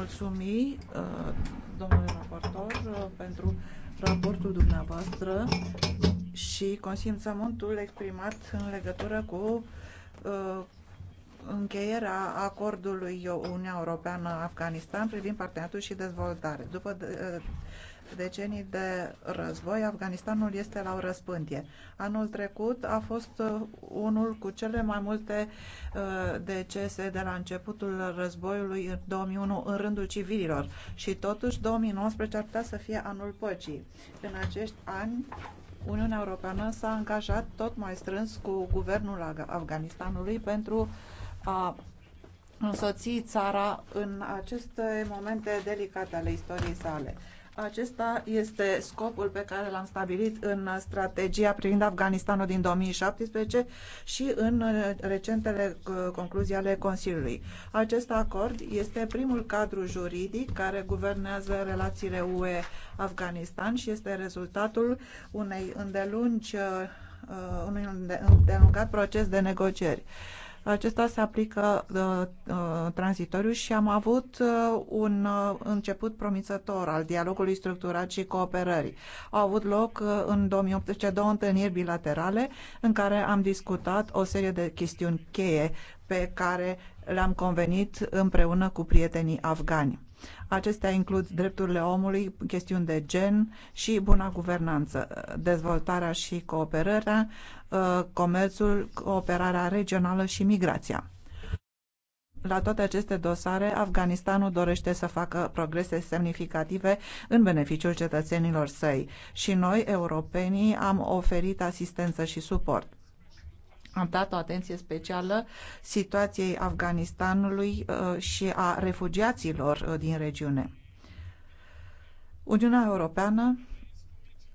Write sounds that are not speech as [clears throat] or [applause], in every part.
mulțumi, uh, domnule raportor, uh, pentru raportul dumneavoastră și consimțământul exprimat în legătură cu uh, încheierea acordului Uniunea Europeană-Afganistan privind parteneriatul și dezvoltare. După decenii de război, Afganistanul este la o răspândie. Anul trecut a fost uh, unul cu cele mai multe uh, decese de la începutul războiului în 2001 în rândul civililor și totuși 2019 ar putea să fie anul păcii. În acești ani Uniunea Europeană s-a angajat tot mai strâns cu guvernul Afganistanului pentru a însoți țara în aceste momente delicate ale istoriei sale. Acesta este scopul pe care l-am stabilit în strategia privind Afganistanul din 2017 și în recentele uh, concluzii ale Consiliului. Acest acord este primul cadru juridic care guvernează relațiile UE-Afganistan și este rezultatul unei îndelungi, uh, unui îndelungat proces de negocieri. Acesta se aplică uh, uh, tranzitoriu și am avut uh, un început promițător al dialogului structurat și cooperării. Au avut loc în 2018 două întâlniri bilaterale în care am discutat o serie de chestiuni cheie pe care le-am convenit împreună cu prietenii afgani. Acestea includ drepturile omului, chestiuni de gen și buna guvernanță, dezvoltarea și cooperarea, Uh, comerțul, cooperarea regională și migrația. La toate aceste dosare, Afganistanul dorește să facă progrese semnificative în beneficiul cetățenilor săi și noi, europenii, am oferit asistență și suport. Am dat o atenție specială situației Afganistanului uh, și a refugiaților uh, din regiune. Uniunea Europeană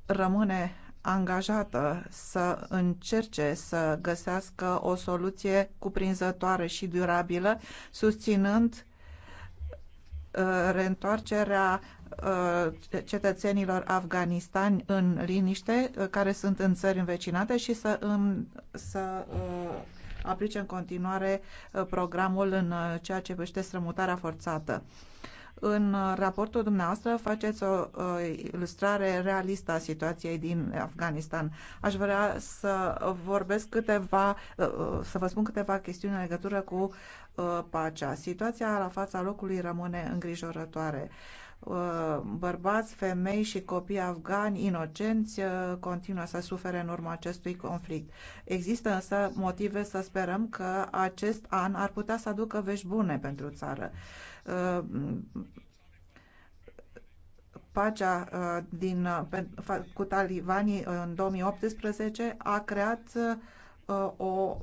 rămâne angajată să încerce să găsească o soluție cuprinzătoare și durabilă, susținând uh, reîntoarcerea uh, cetățenilor afganistani în liniște, uh, care sunt în țări învecinate și să, în, să aplice în continuare programul în ceea ce privește strămutarea forțată. În raportul dumneavoastră faceți o ilustrare realistă a situației din Afganistan. Aș vrea să vorbesc câteva, uh, uh, să vă spun câteva chestiuni în legătură cu uh, pacea. Situația la fața locului rămâne îngrijorătoare bărbați, femei și copii afgani inocenți continuă să sufere în urma acestui conflict. Există însă motive să sperăm că acest an ar putea să aducă vești bune pentru țară. Uh, pacea uh, din, uh, cu talibanii în 2018 a creat o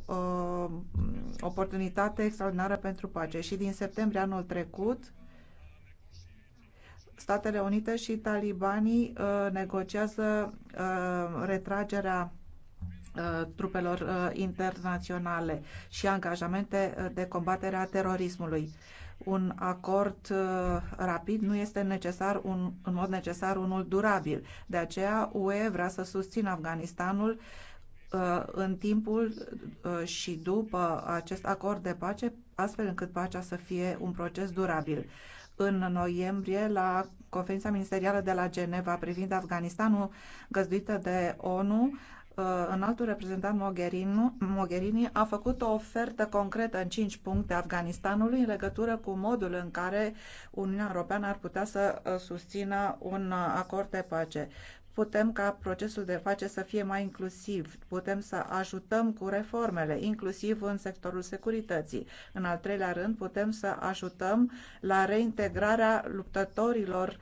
oportunitate extraordinară pentru pace și din septembrie anul trecut Statele Unite și talibanii negociază retragerea trupelor internaționale și angajamente de combatere a terorismului un acord uh, rapid nu este necesar un, în mod necesar unul durabil. De aceea UE vrea să susțină Afganistanul uh, în timpul uh, și după acest acord de pace, astfel încât pacea să fie un proces durabil. În noiembrie, la conferința ministerială de la Geneva privind Afganistanul, găzduită de ONU, Uh, înaltul reprezentant Mogherini, Mogherini a făcut o ofertă concretă în cinci puncte Afganistanului în legătură cu modul în care Uniunea Europeană ar putea să uh, susțină un uh, acord de pace. Putem ca procesul de pace să fie mai inclusiv, putem să ajutăm cu reformele, inclusiv în sectorul securității. În al treilea rând, putem să ajutăm la reintegrarea luptătorilor,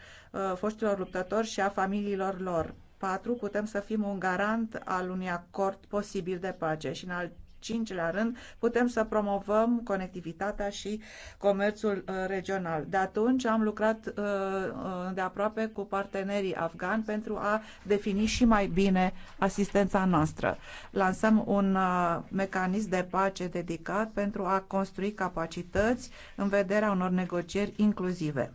foștilor luptători și a familiilor lor 4 putem să fim un garant al unui acord posibil de pace și în al cincilea rând putem să promovăm conectivitatea și comerțul uh, regional. De atunci am lucrat uh, uh, de aproape cu partenerii afgani pentru a defini și mai bine asistența noastră. Lansăm un mecanism de pace dedicat pentru a construi capacități în vederea unor negocieri inclusive.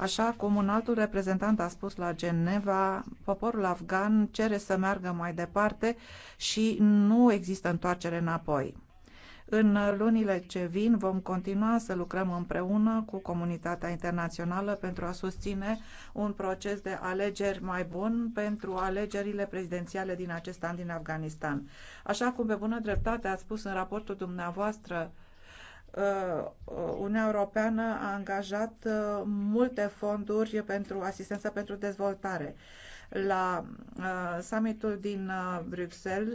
Așa cum un altul reprezentant a spus la Geneva, poporul afgan cere să meargă mai departe și nu există întoarcere înapoi. În lunile ce vin vom continua să lucrăm împreună cu comunitatea internațională pentru a susține un proces de alegeri mai bun pentru alegerile prezidențiale din acest an din Afganistan. Așa cum pe bună dreptate a spus în raportul dumneavoastră, Uh, uh, Uniunea Europeană a angajat uh, multe fonduri pentru asistență pentru dezvoltare. La summitul din Bruxelles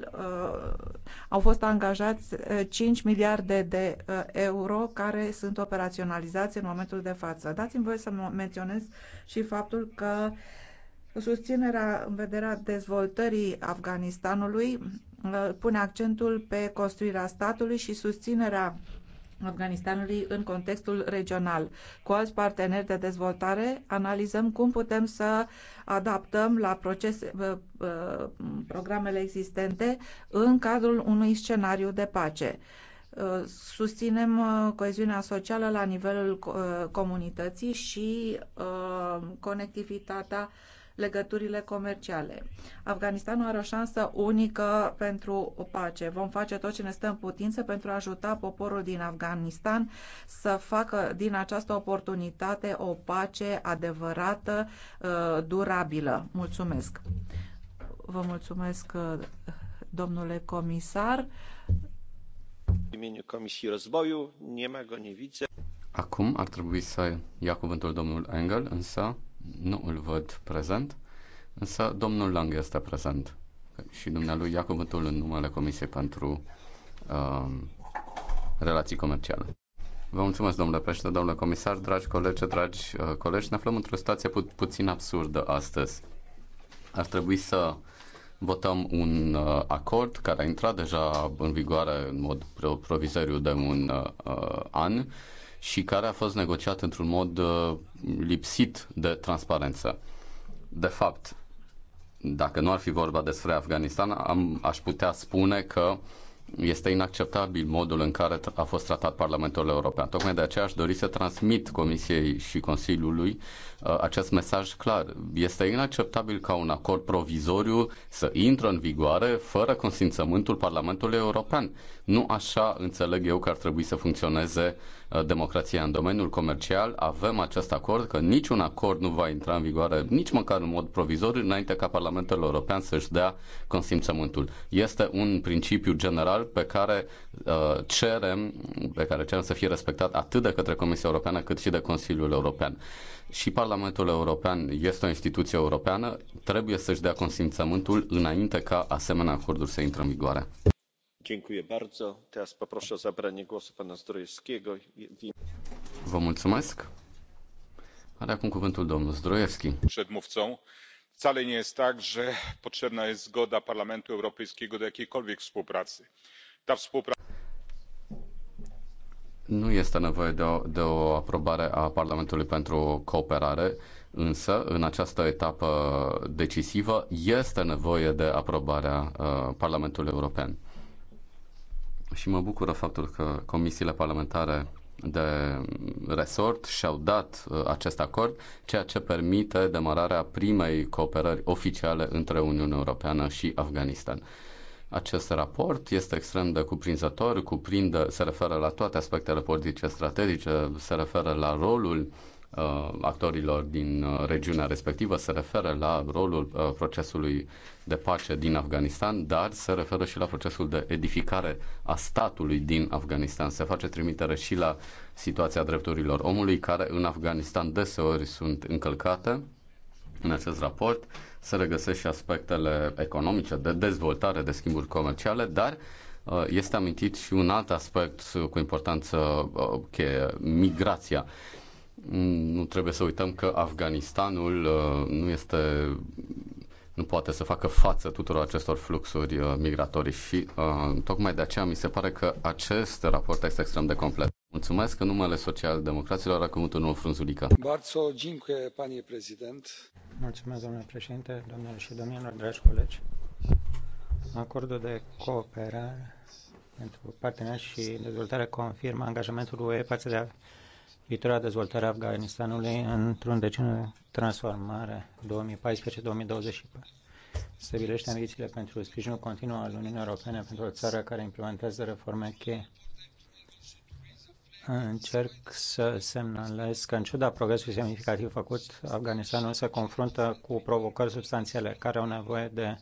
au fost angajați 5 miliarde de euro care sunt operaționalizați în momentul de față. Dați-mi voie să menționez și faptul că susținerea în vederea dezvoltării Afganistanului pune accentul pe construirea statului și susținerea Afganistanului în contextul regional. Cu alți parteneri de dezvoltare analizăm cum putem să adaptăm la procese, uh, uh, programele existente în cadrul unui scenariu de pace. Uh, susținem coeziunea socială la nivelul comunității și conectivitatea legăturile comerciale. Afganistanul are o șansă unică pentru o pace. Vom face tot ce ne stă în putință pentru a ajuta poporul din Afganistan să facă din această oportunitate o pace adevărată, uh, durabilă. Mulțumesc! Vă mulțumesc, uh, domnule comisar. Acum ar trebui să ia cuvântul domnul Engel, însă nu îl văd prezent, însă domnul Lang este prezent și dumnealui ia cuvântul în numele Comisiei pentru uh, Relații Comerciale. Vă mulțumesc, domnule președinte, domnule comisar, dragi colegi, dragi uh, colegi. Ne aflăm într-o situație pu- puțin absurdă astăzi. Ar trebui să votăm un uh, acord care a intrat deja în vigoare în mod provizoriu de un uh, uh an și care a fost negociat într-un mod uh, lipsit de transparență. De fapt, dacă nu ar fi vorba despre Afganistan, am, aș putea spune că este inacceptabil modul în care a fost tratat Parlamentul European. Tocmai de aceea aș dori să transmit Comisiei și Consiliului Uh, acest mesaj clar. Este inacceptabil ca un acord provizoriu să intră în vigoare fără consimțământul Parlamentului European. Nu așa înțeleg eu că ar trebui să funcționeze uh, democrația în domeniul comercial. Avem acest acord că niciun acord nu va intra în vigoare nici măcar în mod provizoriu înainte ca Parlamentul European să-și dea consimțământul. Este un principiu general pe care uh, cerem, pe care cerem să fie respectat atât de către Comisia Europeană cât și de Consiliul European și Parlamentul European este o instituție europeană, trebuie să-și dea consimțământul înainte ca asemenea acorduri să intre în vigoare. Vă mulțumesc. Are acum cuvântul domnul Zdroievski. wcale nie jest tak, że potrzebna jest zgoda Parlamentu Europejskiego do jakiejkolwiek współpracy. Ta współpraca nu este nevoie de o, de o aprobare a Parlamentului pentru cooperare, însă în această etapă decisivă este nevoie de aprobarea uh, Parlamentului European. Și mă bucură faptul că comisiile parlamentare de resort și-au dat uh, acest acord, ceea ce permite demararea primei cooperări oficiale între Uniunea Europeană și Afganistan. Acest raport este extrem de cuprinzător, cuprinde, se referă la toate aspectele politice strategice, se referă la rolul uh, actorilor din uh, regiunea respectivă, se referă la rolul uh, procesului de pace din Afganistan, dar se referă și la procesul de edificare a statului din Afganistan. Se face trimitere și la situația drepturilor omului, care în Afganistan deseori sunt încălcate în acest raport se regăsesc și aspectele economice, de dezvoltare, de schimburi comerciale, dar uh, este amintit și un alt aspect cu importanță uh, cheie, migrația. Nu trebuie să uităm că Afganistanul uh, nu este nu poate să facă față tuturor acestor fluxuri migratorii și tocmai de aceea mi se pare că acest raport este extrem de complet. Mulțumesc în numele social-democraților, acum unul frunzulică. Barzo, dziękuję, panie prezident. Mulțumesc, domnule președinte, domnule și domnilor, dragi colegi. Acordul de cooperare pentru parteneri și dezvoltare confirmă angajamentul UE față de viitoarea dezvoltare a Afganistanului într-un deceniu de transformare 2014-2024. Stabilește ambițiile pentru sprijinul continuu al Uniunii Europene pentru o țară care implementează reforme cheie Încerc să semnalez că, în ciuda progresului semnificativ făcut, Afganistanul se confruntă cu provocări substanțiale care au nevoie de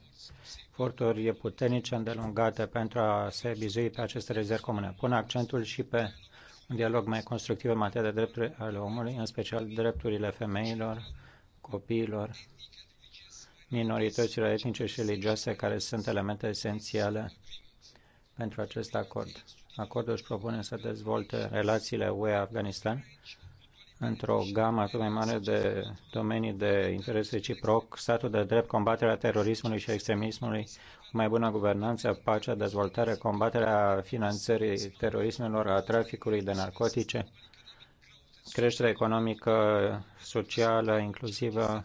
eforturi puternice îndelungate pentru a se bizui pe aceste rezerve comune. Pun accentul și pe un dialog mai constructiv în materie de drepturi ale omului, în special drepturile femeilor, copiilor, minorităților etnice și religioase, care sunt elemente esențiale pentru acest acord. Acordul își propune să dezvolte relațiile UE-Afganistan într-o gamă atât mai mare de domenii de interes reciproc, statul de drept, combaterea terorismului și extremismului, mai bună guvernanță, pacea, dezvoltare, combaterea finanțării terorismelor, a traficului de narcotice, creșterea economică, socială, inclusivă,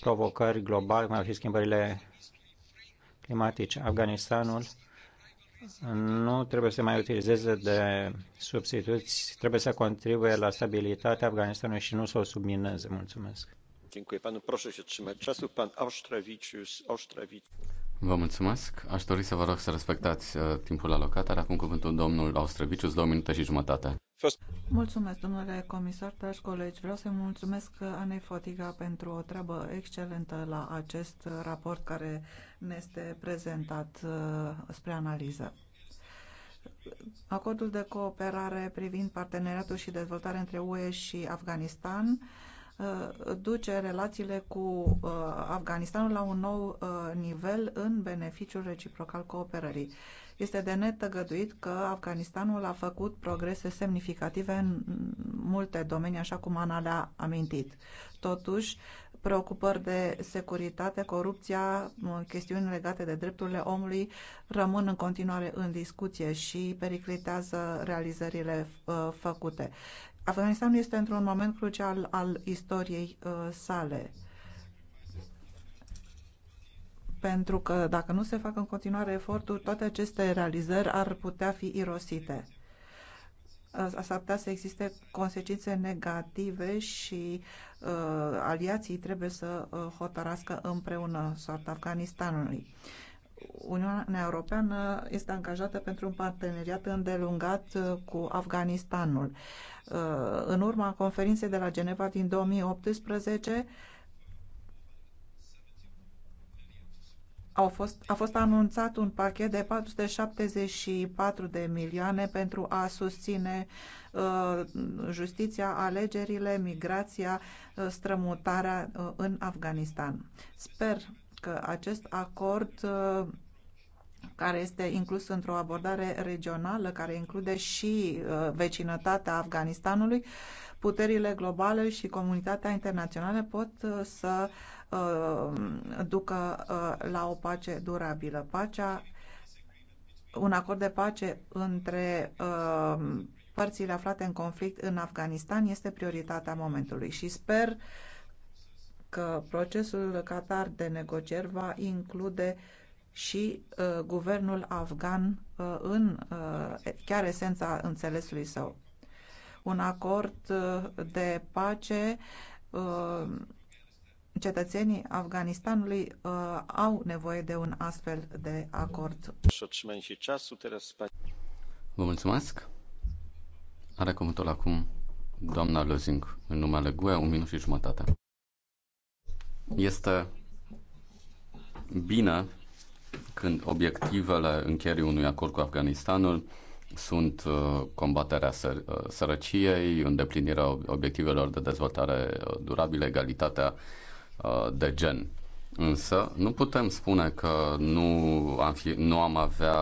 provocări globale, ar fi schimbările climatice. Afganistanul nu trebuie să mai utilizeze de substituți, trebuie să contribuie la stabilitatea Afganistanului și nu să o submineze. Mulțumesc. Vă mulțumesc. Aș dori să vă rog să respectați timpul alocat. Are acum cuvântul domnul Austrevicius, două minute și jumătate. Mulțumesc, domnule comisar, dragi colegi. Vreau să-i mulțumesc Anei Fotiga pentru o treabă excelentă la acest raport care ne este prezentat uh, spre analiză. Acordul de cooperare privind parteneriatul și dezvoltarea între UE și Afganistan uh, duce relațiile cu uh, Afganistanul la un nou nivel în beneficiul reciproc al cooperării. Este de netăgăduit că Afganistanul a făcut progrese semnificative în multe domenii, așa cum Ana le-a amintit. Totuși, preocupări de securitate, corupția, chestiuni legate de drepturile omului rămân în continuare în discuție și periclitează realizările uh, făcute. Afganistanul este într-un moment crucial al istoriei uh, sale pentru că dacă nu se fac în continuare eforturi, toate aceste realizări ar putea fi irosite. S-ar putea să existe consecințe negative și uh, aliații trebuie să uh, hotărască împreună soarta Afganistanului. Uniunea Europeană este angajată pentru un parteneriat îndelungat uh, cu Afganistanul. Uh, în urma conferinței de la Geneva din 2018, Au fost, a fost anunțat un pachet de 474 de milioane pentru a susține uh, justiția, alegerile, migrația, uh, strămutarea uh, în Afganistan. Sper că acest acord uh, care este inclus într-o abordare regională, care include și uh, vecinătatea Afganistanului, puterile globale și comunitatea internațională pot uh, să uh, Uh, ducă uh, la o pace durabilă. Pacea, un acord de pace între uh, părțile aflate în conflict în Afganistan este prioritatea momentului și sper că procesul Qatar de negocieri va include și uh, guvernul afgan uh, în uh, chiar esența înțelesului său. Un acord uh, de pace uh, cetățenii Afganistanului uh, au nevoie de un astfel de acord. Vă mulțumesc. Are cuvântul acum doamna Lozing în numele GUE, un minut și jumătate. Este bine când obiectivele încheierii unui acord cu Afganistanul sunt uh, combaterea uh, sărăciei, îndeplinirea obiectivelor de dezvoltare uh, durabilă, egalitatea Uh, de gen. Însă nu putem spune că nu am, fi, nu am avea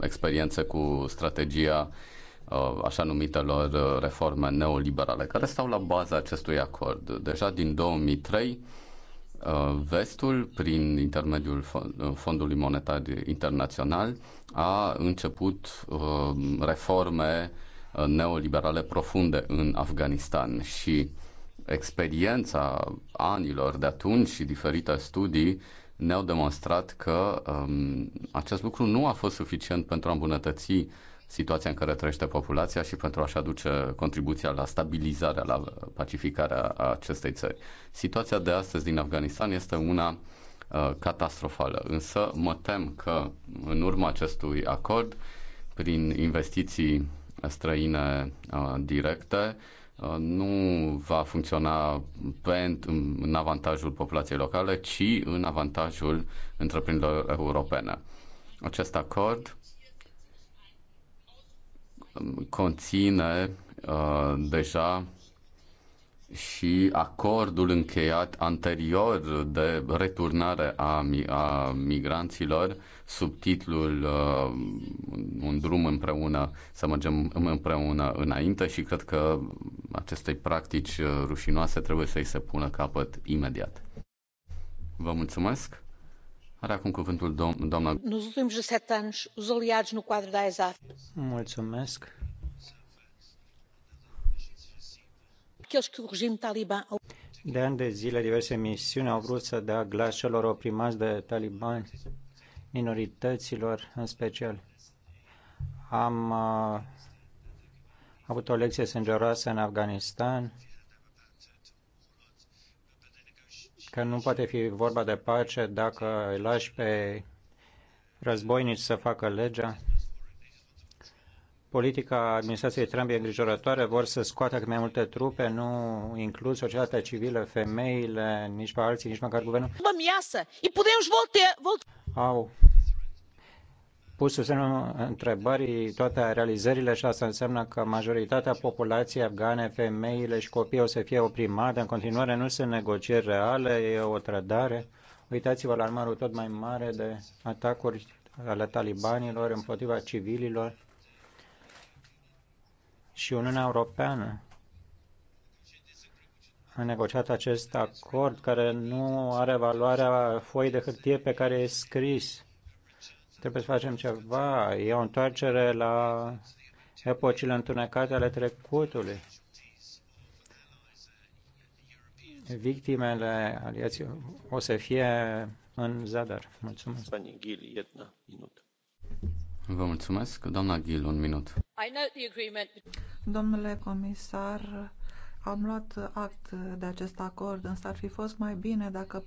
experiențe cu strategia uh, așa numitelor uh, reforme neoliberale care stau la baza acestui acord. Deja din 2003 Vestul, prin intermediul Fondului Monetar Internațional, a început reforme neoliberale profunde în Afganistan și experiența anilor de atunci și diferite studii ne-au demonstrat că um, acest lucru nu a fost suficient pentru a îmbunătăți situația în care trăiește populația și pentru a-și aduce contribuția la stabilizarea, la pacificarea acestei țări. Situația de astăzi din Afganistan este una uh, catastrofală, însă mă tem că în urma acestui acord, prin investiții străine uh, directe, uh, Uh, nu va funcționa pentru, în avantajul populației locale, ci în avantajul întreprinderilor europene. Acest acord um, conține uh, deja și acordul încheiat anterior de returnare a, a migranților sub titlul uh, Un drum împreună, să mergem împreună înainte și cred că acestei practici uh, rușinoase trebuie să-i se pună capăt imediat. Vă mulțumesc! Are acum cuvântul doamna. Nos últimos sete anos, os aliados no quadro da ESAF. Mulțumesc. De ani de zile, diverse misiuni au vrut să dea glas celor oprimați de talibani, minorităților în special. Am uh, avut o lecție sângeroasă în Afganistan, că nu poate fi vorba de pace dacă îi lași pe războinici să facă legea politica administrației Trump e îngrijorătoare, vor să scoată cât mai multe trupe, nu includ societatea civilă, femeile, nici pe alții, nici măcar guvernul. putem Volte. Au pus în semnul întrebării toate realizările și asta înseamnă că majoritatea populației afgane, femeile și copiii o să fie oprimate. În continuare nu sunt negocieri reale, e o trădare. Uitați-vă la armarul tot mai mare de atacuri ale talibanilor împotriva civililor și Uniunea Europeană a negociat acest acord care nu are valoarea foii de hârtie pe care e scris. Trebuie să facem ceva. E o întoarcere la epocile întunecate ale trecutului. Victimele aliații o să fie în zadar. Mulțumesc. Pani Ghil, jedna minut. Vă mulțumesc. Doamna Ghil, un minut. Domnule comisar, am luat act de acest acord, însă ar fi fost mai bine dacă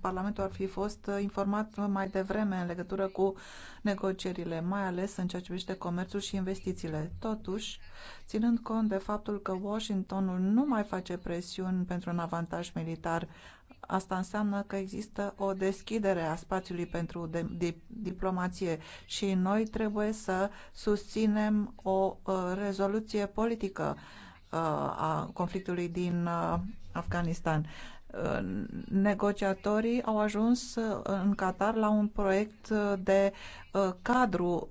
Parlamentul ar fi fost informat mai devreme în legătură cu negocierile, mai ales în ceea ce privește comerțul și investițiile. Totuși, ținând cont de faptul că Washingtonul nu mai face presiuni pentru un avantaj militar Asta înseamnă că există o deschidere a spațiului pentru de, de, diplomație și noi trebuie să susținem o uh, rezoluție politică uh, a conflictului din uh, Afganistan. Uh, negociatorii au ajuns uh, în Qatar la un proiect uh, de cadru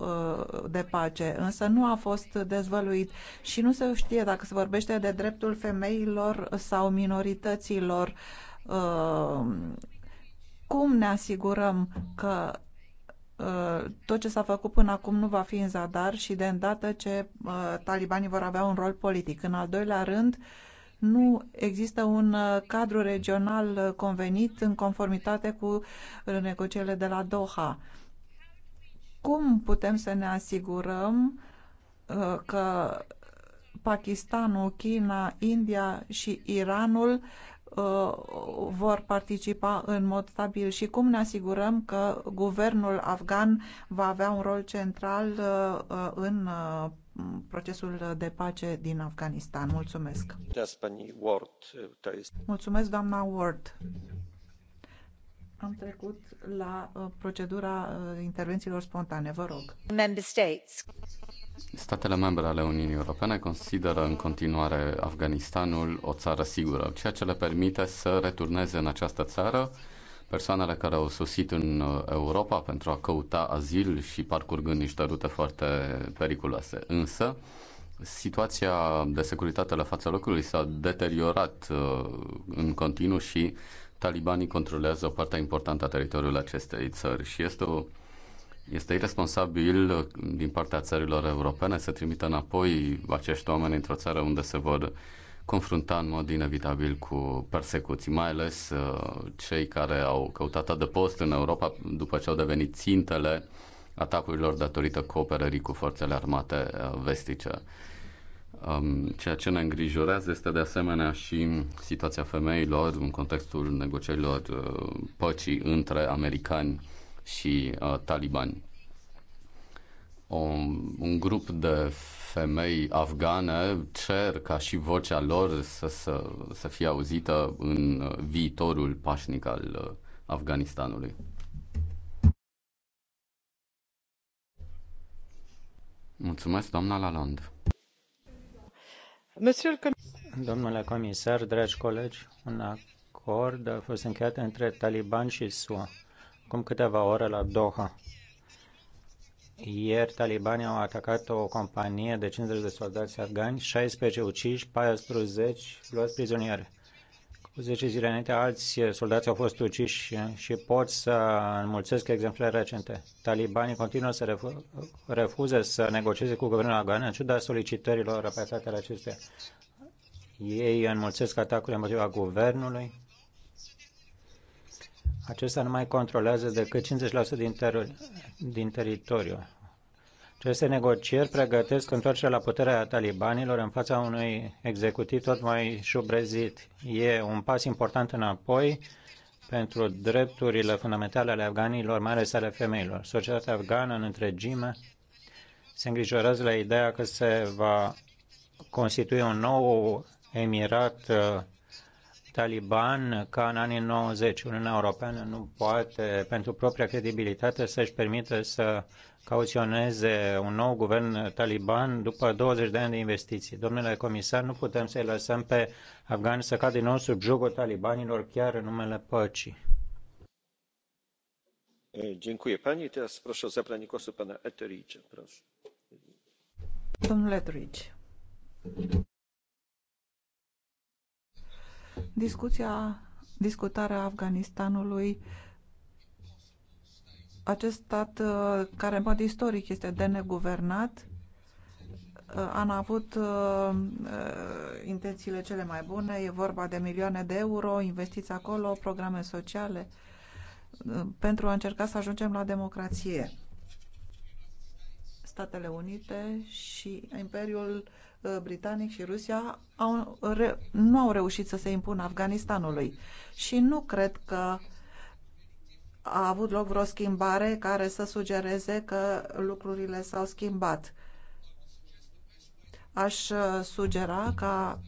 de pace, însă nu a fost dezvăluit și nu se știe dacă se vorbește de dreptul femeilor sau minorităților uh, Uh, cum ne asigurăm că uh, tot ce s-a făcut până acum nu va fi în zadar și de îndată ce uh, talibanii vor avea un rol politic. În al doilea rând, nu există un cadru regional convenit în conformitate cu negocierile de la Doha. Cum putem să ne asigurăm că Pakistanul, China, India și Iranul Uh, vor participa în mod stabil și cum ne asigurăm că guvernul afgan va avea un rol central uh, uh, în procesul de pace din Afganistan. Mulțumesc. Mulțumesc, doamna Ward. Am trecut la uh, procedura uh, intervențiilor spontane. Vă rog. Statele membre ale Uniunii Europene consideră în continuare Afganistanul o țară sigură, ceea ce le permite să returneze în această țară persoanele care au sosit în uh, Europa pentru a căuta azil și parcurgând niște rute foarte periculoase. Însă, situația de securitate la fața locului s-a deteriorat în continuu și talibanii controlează o parte importantă a teritoriului acestei țări și este o este irresponsabil din partea țărilor europene să trimită înapoi acești oameni într-o țară unde se vor confrunta în mod inevitabil cu persecuții, mai ales uh, cei care au căutat adăpost în Europa după ce au devenit țintele atacurilor datorită cooperării cu forțele armate uh, vestice. Um, ceea ce ne îngrijorează este de asemenea și situația femeilor în contextul negocierilor uh, păcii între americani și uh, talibani. O, un grup de femei afgane cer ca și vocea lor să, să, să fie auzită în uh, viitorul pașnic al Afganistanului. Mulțumesc, doamna Laland. Domnule comisar, dragi colegi, un acord a fost încheiat între Taliban și SUA acum câteva ore la Doha. Ieri, talibanii au atacat o companie de 50 de soldați afgani, 16 uciși, 14 luați prizonieri. 10 zile înainte, alți soldați au fost uciși și pot să înmulțesc exemplele recente. Talibanii continuă să refu- refuze să negocieze cu guvernul afgan în ciuda solicitărilor repetate ale acestea, Ei înmulțesc atacurile împotriva guvernului. Acesta nu mai controlează decât 50% din, ter- din teritoriu. Aceste negocieri pregătesc întoarcerea la puterea talibanilor în fața unui executiv tot mai șubrezit. E un pas important înapoi pentru drepturile fundamentale ale afganilor, mai ales ale femeilor. Societatea afgană în întregime se îngrijorează la ideea că se va constitui un nou emirat uh, taliban ca în anii 90. Uniunea Europeană nu poate, pentru propria credibilitate, să-și permită să cauționeze un nou guvern taliban după 20 de ani de investiții. Domnule comisar, nu putem să-i lăsăm pe afgani să cadă din nou sub jugul talibanilor chiar în numele păcii. Dziękuję pani. Teraz proszę o zabranie głosu pana Etheridge. Proszę. Domnule Etheridge. Discuția, discutarea Afganistanului, acest stat uh, care în mod istoric este de neguvernat, uh, am avut uh, uh, intențiile cele mai bune, e vorba de milioane de euro, investiți acolo, programe sociale, uh, pentru a încerca să ajungem la democrație. Statele Unite și Imperiul Uh, britanic și Rusia au, re, nu au reușit să se impună Afganistanului. Și nu cred că a avut loc vreo schimbare care să sugereze că lucrurile s-au schimbat. Aș uh, sugera ca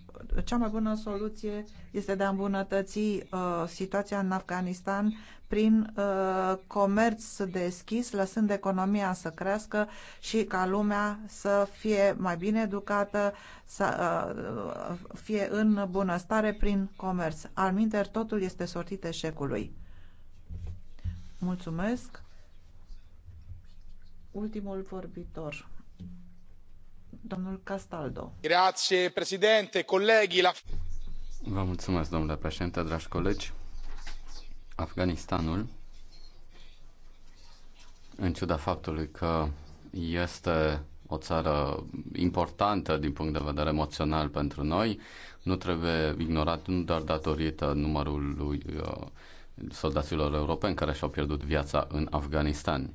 cea mai bună soluție este de a îmbunătăți uh, situația în Afganistan prin uh, comerț deschis, lăsând economia să crească și ca lumea să fie mai bine educată, să uh, fie în bunăstare prin comerț. Alminter, totul este sortit eșecului. Mulțumesc. Ultimul vorbitor domnul Castaldo. președinte, colegi. Vă mulțumesc, domnule președinte, dragi colegi. Afganistanul, în ciuda faptului că este o țară importantă din punct de vedere emoțional pentru noi, nu trebuie ignorat nu doar datorită numărului uh, soldaților europeni care și-au pierdut viața în Afganistan.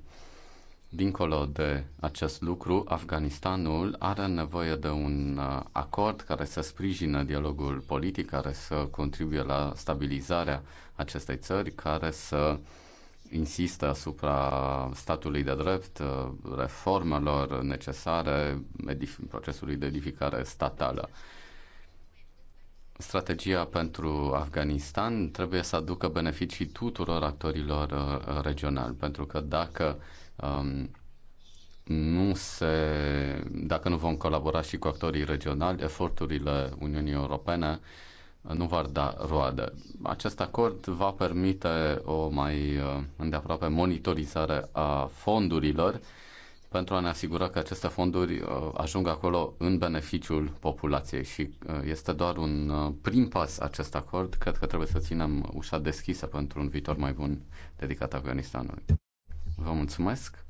Dincolo de acest lucru, Afganistanul are nevoie de un uh, acord care să sprijină dialogul politic, care să contribuie la stabilizarea acestei țări, care să insistă asupra statului de drept, uh, reformelor necesare, procesului de edificare statală. Strategia pentru Afganistan trebuie să aducă beneficii tuturor actorilor uh, regionali, pentru că dacă um, nu se, dacă nu vom colabora și cu actorii regionali, eforturile Uniunii Europene nu vor da roade. Acest acord va permite o mai uh, îndeaproape monitorizare a fondurilor pentru a ne asigura că aceste fonduri uh, ajung acolo în beneficiul populației și uh, este doar un prim pas acest acord. Cred că trebuie să ținem ușa deschisă pentru un viitor mai bun dedicat Afganistanului. Vă mulțumesc.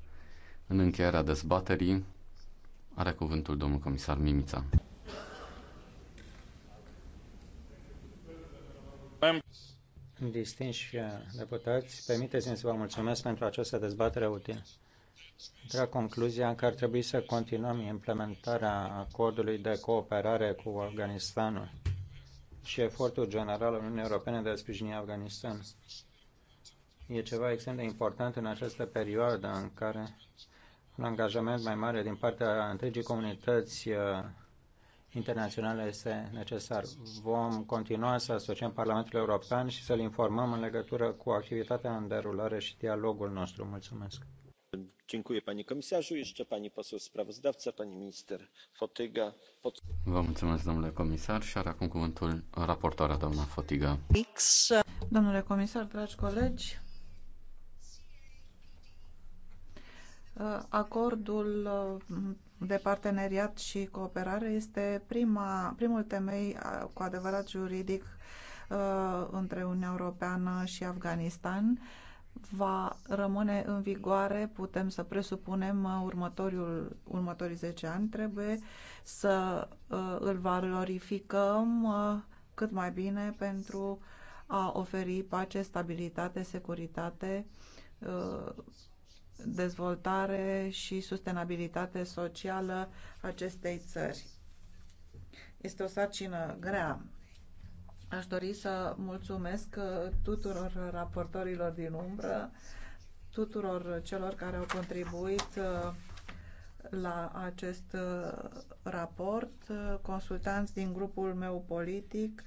În încheierea dezbaterii are cuvântul domnul comisar Mimița. Distinși uh, deputați, permiteți-mi să vă mulțumesc pentru această dezbatere utilă. Trag concluzia că ar trebui să continuăm implementarea acordului de cooperare cu Afganistanul și efortul general al Uniunii Europene de a sprijini Afganistanul e ceva extrem de important în această perioadă în care un angajament mai mare din partea întregii comunități uh, internaționale este necesar. Vom continua să asociem Parlamentul European și să-l informăm în legătură cu activitatea în derulare și dialogul nostru. Mulțumesc. Dziękuję panie komisarzu, jeszcze pani poseł sprawozdawca, pani minister Fotyga. Pod... Vă mulțumesc, domnule comisar, și acum cuvântul raportoarea doamna Fotiga. Domnule comisar, dragi colegi, Uh, acordul uh, de parteneriat și cooperare este prima, primul temei uh, cu adevărat juridic între Uniunea Europeană și Afganistan va rămâne în vigoare, putem să presupunem următorul, următorii 10 ani, trebuie să îl valorificăm cât mai bine pentru a oferi pace, stabilitate, securitate dezvoltare și sustenabilitate socială acestei țări. Este o sarcină grea. Aș dori să mulțumesc uh, tuturor raportorilor din umbră, tuturor celor care au contribuit uh, la acest uh, raport, consultanți din grupul meu politic,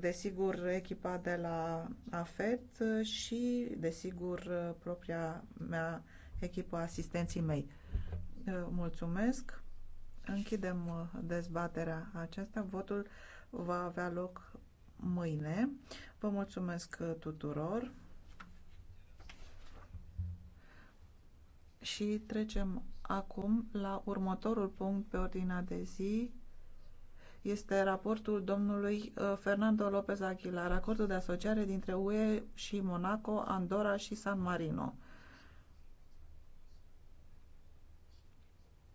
desigur, echipa de la AFET și, desigur, propria mea echipă asistenții mei. Mulțumesc. Închidem uh, dezbaterea aceasta. Votul va avea loc mâine. Vă mulțumesc uh, tuturor. Și trecem acum la următorul punct pe ordinea de zi, este raportul domnului uh, Fernando López Aguilar, acordul de asociare dintre UE și Monaco, Andorra și San Marino.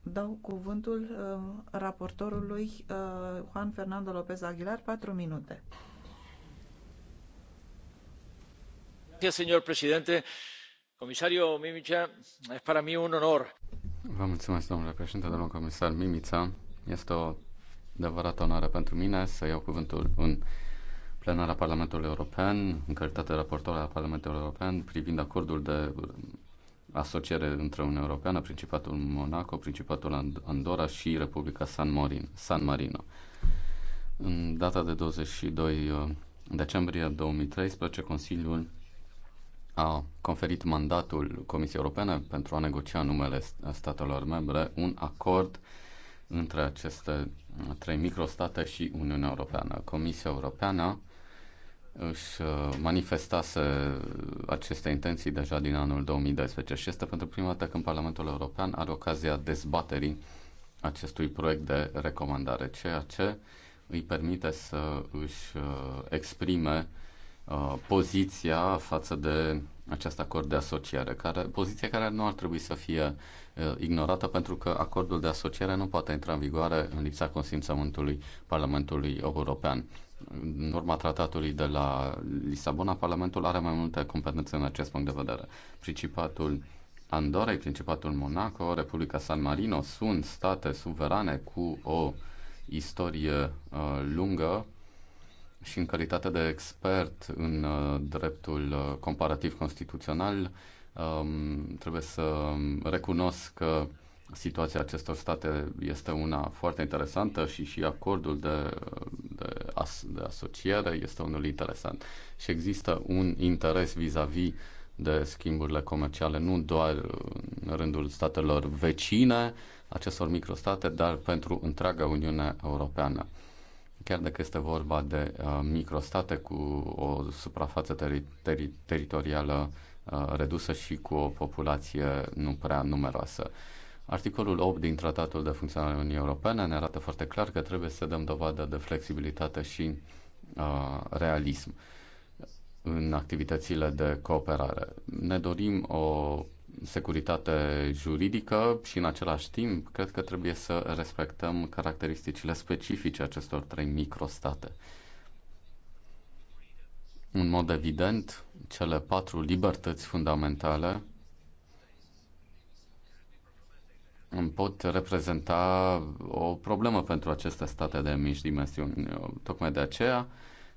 Dau cuvântul uh, raportorului uh, Juan Fernando López Aguilar, patru minute. Señor presidente, comisario Mimica, es para mí un honor. Vă mulțumesc, domnule președinte, domnul comisar Mimica. Este o adevărată onoare pentru mine să iau cuvântul în plenara Parlamentului European, în calitate raportor al Parlamentului European, privind acordul de asociere între Uniunea Europeană, Principatul Monaco, Principatul Andorra și Republica San, Morin, San Marino. În data de 22 uh, decembrie 2013, Consiliul a conferit mandatul Comisiei Europene pentru a negocia numele statelor membre un acord uh, între aceste trei microstate și Uniunea Europeană. Comisia Europeană își uh, manifestase aceste intenții deja din anul 2012 și este pentru prima dată când Parlamentul European are ocazia dezbaterii acestui proiect de recomandare, ceea ce îi permite să își uh, exprime Uh, poziția față de acest acord de asociere, care, poziția care nu ar trebui să fie uh, ignorată pentru că acordul de asociere nu poate intra în vigoare în lipsa consimțământului Parlamentului European. În urma tratatului de la Lisabona, Parlamentul are mai multe competențe în acest punct de vedere. Principatul Andorra, Principatul Monaco, Republica San Marino sunt state suverane cu o istorie uh, lungă și în calitate de expert în uh, dreptul uh, comparativ constituțional, um, trebuie să recunosc că situația acestor state este una foarte interesantă și și acordul de, de, as, de asociere este unul interesant. Și există un interes vis-a-vis -vis de schimburile comerciale, nu doar în rândul statelor vecine acestor microstate, dar pentru întreaga Uniune Europeană chiar dacă este vorba de uh, microstate cu o suprafață teri- teri- teritorială uh, redusă și cu o populație nu prea numeroasă. Articolul 8 din Tratatul de Funcționare Uniunii Europene ne arată foarte clar că trebuie să dăm dovadă de flexibilitate și uh, realism în activitățile de cooperare. Ne dorim o securitate juridică și în același timp cred că trebuie să respectăm caracteristicile specifice acestor trei microstate. În mod evident, cele patru libertăți fundamentale îmi pot reprezenta o problemă pentru aceste state de mici dimensiuni. Tocmai de aceea,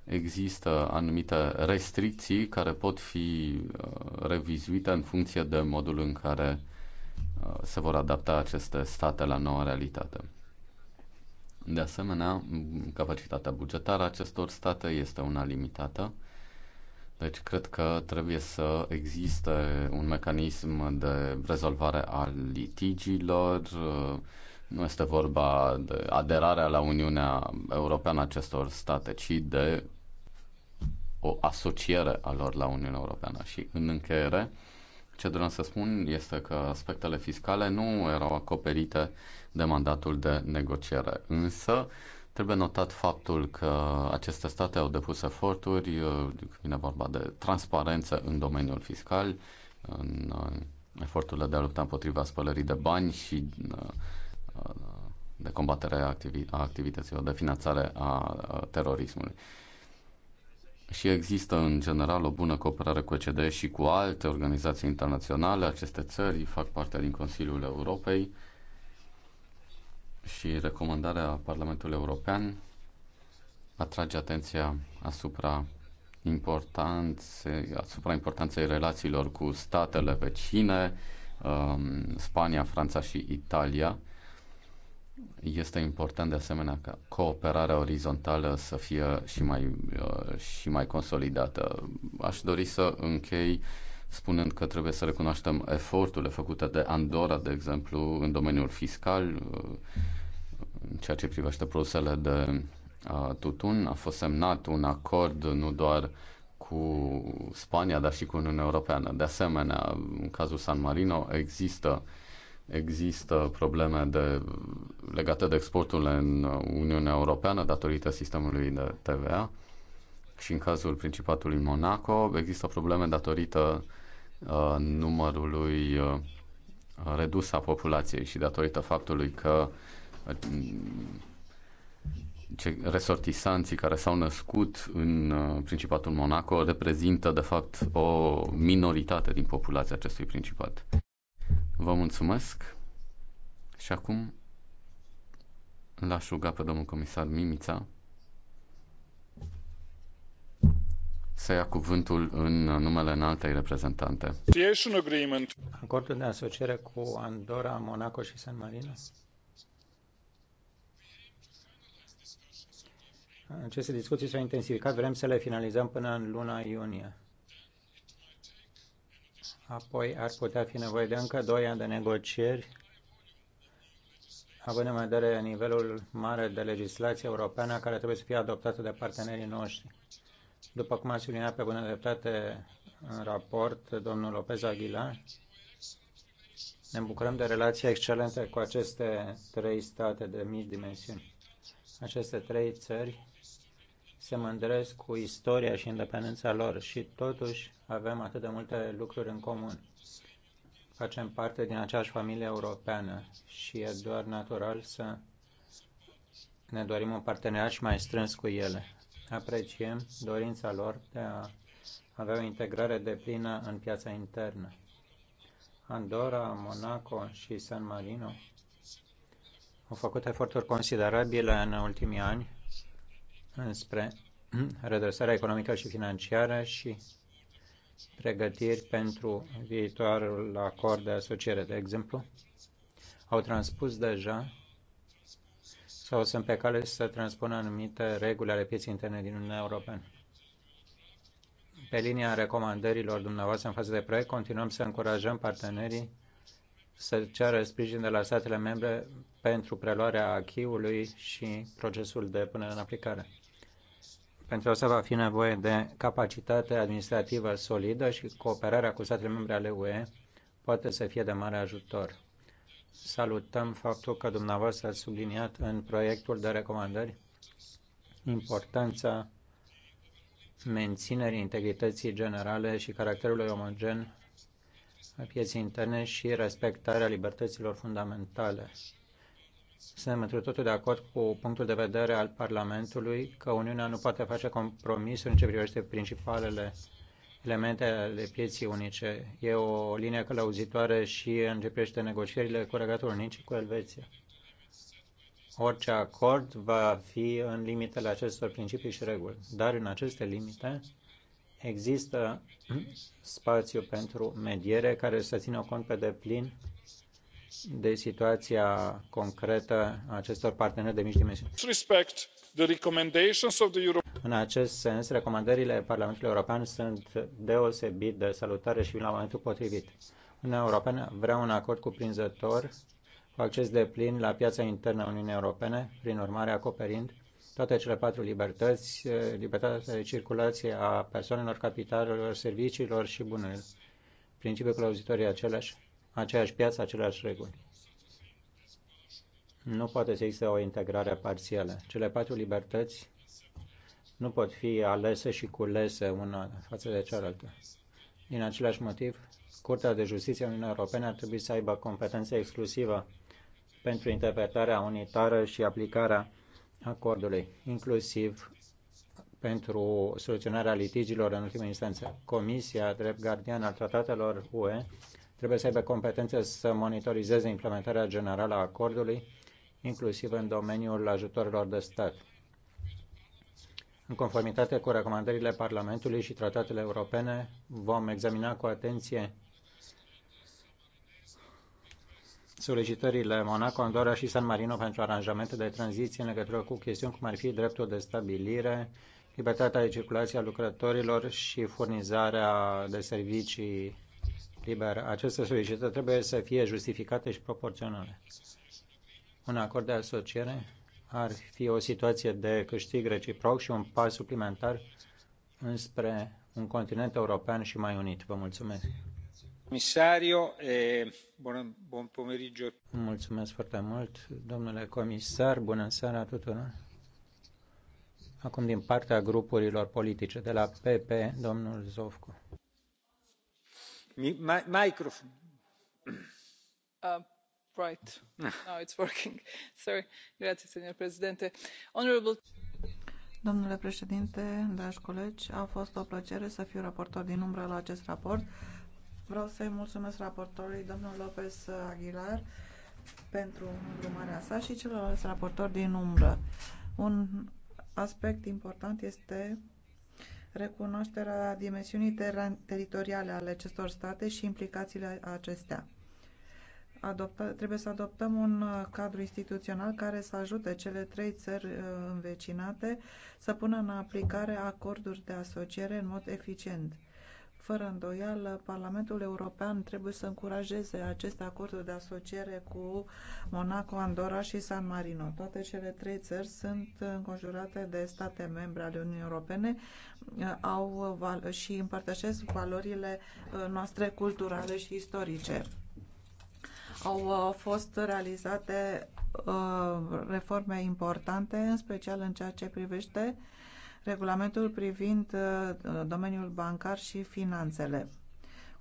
există anumite restricții care pot fi uh, revizuite în funcție de modul în care uh, se vor adapta aceste state la noua realitate. De asemenea, capacitatea bugetară a acestor state este una limitată, deci cred că trebuie să existe un mecanism de rezolvare a litigiilor, uh, nu este vorba de aderarea la Uniunea Europeană a acestor state, ci de o asociere a lor la Uniunea Europeană. Și în încheiere, ce doream să spun este că aspectele fiscale nu erau acoperite de mandatul de negociere. Însă, trebuie notat faptul că aceste state au depus eforturi, vine vorba de transparență în domeniul fiscal, în eforturile de a lupta împotriva spălării de bani și uh, de combatere a, activi- a activităților, de finanțare a terorismului. Și există, în general, o bună cooperare cu ECD și cu alte organizații internaționale. Aceste țări fac parte din Consiliul Europei și recomandarea Parlamentului European atrage atenția asupra importanței, asupra importanței relațiilor cu statele vecine, um, Spania, Franța și Italia, este important de asemenea ca cooperarea orizontală să fie și mai, uh, și mai consolidată. Aș dori să închei spunând că trebuie să recunoaștem eforturile făcute de Andorra, de exemplu, în domeniul fiscal, uh, în ceea ce privește produsele de uh, tutun. A fost semnat un acord nu doar cu Spania, dar și cu Uniunea Europeană. De asemenea, în cazul San Marino există Există probleme de, legate de exportul în Uniunea Europeană datorită sistemului de TVA și în cazul Principatului Monaco există probleme datorită uh, numărului uh, redus a populației și datorită faptului că uh, resortisanții care s-au născut în uh, Principatul Monaco reprezintă, de fapt, o minoritate din populația acestui principat. Vă mulțumesc și acum l-aș ruga pe domnul comisar Mimița să ia cuvântul în numele înaltei reprezentante. Acordul de asociere cu Andorra, Monaco și San Marino? Aceste discuții s-au intensificat, vrem să le finalizăm până în luna iunie. Apoi ar putea fi nevoie de încă 2 ani de negocieri, având în vedere nivelul mare de legislație europeană care trebuie să fie adoptată de partenerii noștri. După cum a subliniat pe bună dreptate în raport domnul Lopez Aguilar, ne bucurăm de relații excelente cu aceste trei state de mici dimensiuni. Aceste trei țări se mândresc cu istoria și independența lor și totuși avem atât de multe lucruri în comun. Facem parte din aceeași familie europeană și e doar natural să ne dorim un parteneriat și mai strâns cu ele. Apreciem dorința lor de a avea o integrare de plină în piața internă. Andorra, Monaco și San Marino au făcut eforturi considerabile în ultimii ani înspre redresarea economică și financiară și pregătiri pentru viitorul acord de asociere. De exemplu, au transpus deja sau sunt pe cale să transpună anumite reguli ale pieței interne din Uniunea Europeană. Pe linia recomandărilor dumneavoastră în față de proiect, continuăm să încurajăm partenerii să ceară sprijin de la statele membre pentru preluarea achiului și procesul de până în aplicare. Pentru asta va fi nevoie de capacitate administrativă solidă și cooperarea cu statele membre ale UE poate să fie de mare ajutor. Salutăm faptul că dumneavoastră ați subliniat în proiectul de recomandări importanța menținerii integrității generale și caracterului omogen a pieței interne și respectarea libertăților fundamentale. Suntem într totul de acord cu punctul de vedere al Parlamentului că Uniunea nu poate face compromisuri în ce privește principalele elemente ale pieții unice. E o linie călăuzitoare și în ce privește negocierile cu Regatul unic cu Elveția. Orice acord va fi în limitele acestor principii și reguli, dar în aceste limite există [clears throat] spațiu pentru mediere care să țină cont pe deplin de situația concretă a acestor parteneri de mici dimensiuni. În acest sens, recomandările Parlamentului European sunt deosebit de salutare și vin la momentul potrivit. Uniunea Europeană vrea un acord cuprinzător cu acces de plin la piața internă a Uniunii Europene, prin urmare acoperind toate cele patru libertăți, eh, libertatea de circulație a persoanelor, capitalelor, serviciilor și bunurilor. Principiul clăuzitorii același aceeași piață, aceleași reguli. Nu poate să existe o integrare parțială. Cele patru libertăți nu pot fi alese și culese una față de cealaltă. Din același motiv, Curtea de Justiție a Uniunii Europene ar trebui să aibă competență exclusivă pentru interpretarea unitară și aplicarea acordului, inclusiv pentru soluționarea litigiilor în ultimă instanță. Comisia, drept gardian al tratatelor UE, trebuie să aibă competențe să monitorizeze implementarea generală a acordului, inclusiv în domeniul ajutorilor de stat. În conformitate cu recomandările Parlamentului și tratatele europene, vom examina cu atenție solicitările Monaco, Andorra și San Marino pentru aranjamente de tranziție în legătură cu chestiuni cum ar fi dreptul de stabilire, libertatea de circulație a lucrătorilor și furnizarea de servicii liber. Aceste solicitări trebuie să fie justificate și proporționale. Un acord de asociere ar fi o situație de câștig reciproc și un pas suplimentar înspre un continent european și mai unit. Vă mulțumesc. Comisario, eh, bun, bun pomeriggio. Mulțumesc foarte mult, domnule comisar. Bună seara tuturor. Acum din partea grupurilor politice, de la PP, domnul Zovcu domnule uh, [laughs] [laughs] președinte domnule președinte dragi colegi a fost o plăcere să fiu raportor din umbră la acest raport. vreau să îi mulțumesc raportorului domnul lópez aguilar pentru îndrumarea sa și celorlalți raportori din umbră. un aspect important este recunoașterea dimensiunii ter teritoriale ale acestor state și implicațiile acestea. trebuie să adoptăm un uh, cadru instituțional care să ajute cele trei țări uh, învecinate să pună în aplicare acorduri de asociere în mod eficient fără îndoială, Parlamentul European trebuie să încurajeze aceste acorduri de asociere cu Monaco, Andorra și San Marino. Toate cele trei țări sunt înconjurate de state membre ale Uniunii Europene uh, au și împărtășesc valorile uh, noastre culturale și istorice. Au uh, fost realizate reforme importante, în special în ceea ce privește regulamentul privind uh, domeniul bancar și finanțele.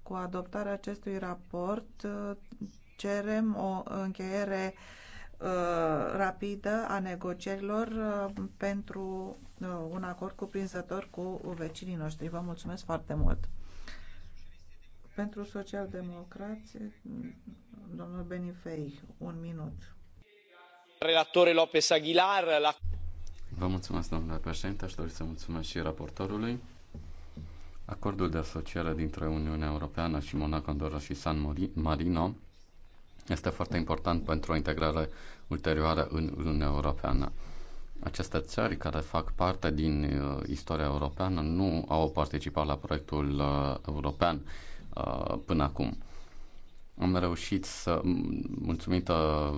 Cu adoptarea acestui raport uh, cerem o încheiere uh, rapidă a negocierilor pentru un acord cuprinzător cu vecinii noștri. Vă mulțumesc foarte mult! Pentru socialdemocrați, domnul Benifei, un minut. Relatorul López Aguilar, la... Vă mulțumesc, domnule președinte. Aș dori să mulțumesc și raportorului. Acordul de asociere dintre Uniunea Europeană și Monaco, Andorra și San Marino este foarte important pentru o integrare ulterioară în Uniunea Europeană. Aceste țări care fac parte din uh, istoria europeană nu au participat la proiectul uh, european uh, până acum. Am reușit să, mulțumită